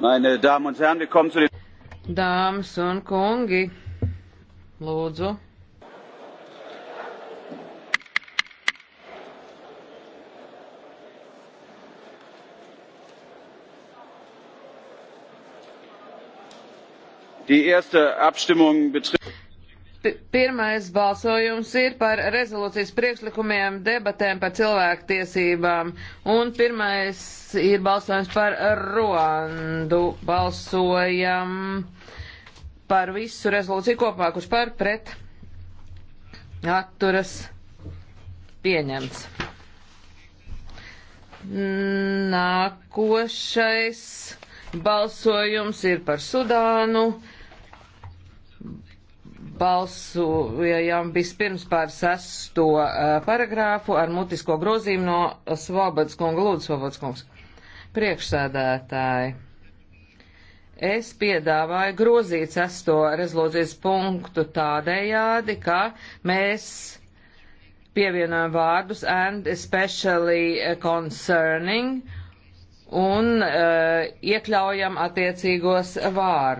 Meine Damen und Herren, wir kommen zu den. Dāmas un kungi, lūdzu. Die erste Abstimmung betrifft. Pirmais balsojums ir par rezolūcijas priekšlikumiem, debatēm par cilvēktiesībām. Un pirmais ir balsojums par Ruandu. Balsojam par visu rezolūciju kopā, kurš par pret atturas pieņemts. Nākošais balsojums ir par Sudānu balsojam vispirms par sesto eh, paragrāfu ar mutisko grozīmu no Svobodas kunga. Lūdzu, Svobodas kungs. Priekšsēdētāji. Es piedāvāju grozīt sesto rezolūcijas punktu tādējādi, ka mēs pievienojam vārdus and especially concerning un uh, iekļaujam attiecīgos vārdus.